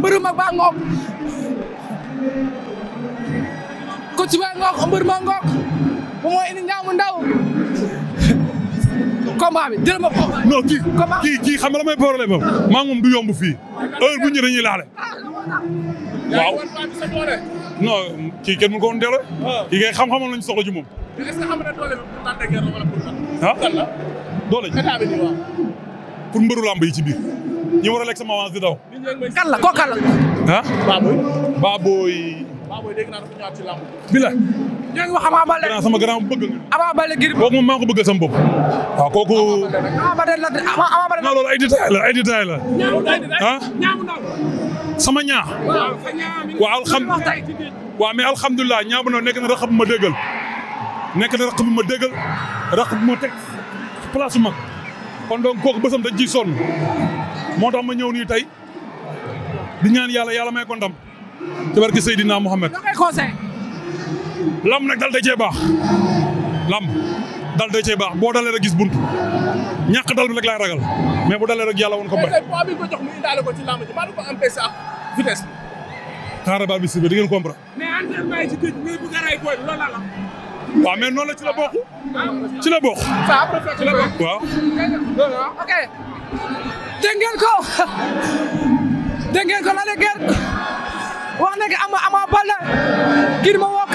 mbër mag baa ngoog coach baa ngoog mbër ma ngoog bu moo indi ndaw combat bi jël ma ko non kii kii kii xam nga maa moom du yomb fii heure bu ñu dañuy laale waaw kii kenn mën ko woon delloo kii kay xam-xamoon lañu soxla ci moom est-ce que xam bi ah? ci biir ñi war a lekk sama avance di daw. kan la kooku kan la. sama grand bëgg nga. Ama Baldé Gris Bordeaux. kooku moom ko bëggal sama bopp. waaw kooku. Ama Baldé la Ama loolu ay détail la ay sama ñaa. waaw alxam waaw mais alhamdulilah ñaa bu ndaw nekk na bu ma déggal. nekk na rax ma déggal rax ma teg place kon donc kooku bësam dañ ciy sonn moo tax ma ñëw nii tey di ñaan yàlla yàlla may ko ndam ci barke Seydina Mohamed. da ngay conseil. lamb nag dal da cee baax lamb dal da cee baax boo dalee rek gis bunt ñàkk dal bi rek laay ragal mais bu dalee rek yàlla woon ko bay. tey poids bi ko jox mu indaale ko ci lamb ji maa ngi ko empêché ak vitesse bi. xaaral baal bi si biir di ngeen a rey booy bi waaw mais noonu la ci la bokk ci la bokk. ci la bokk ko dégg ko la de wax na Ama Ama Baldé kii ma woo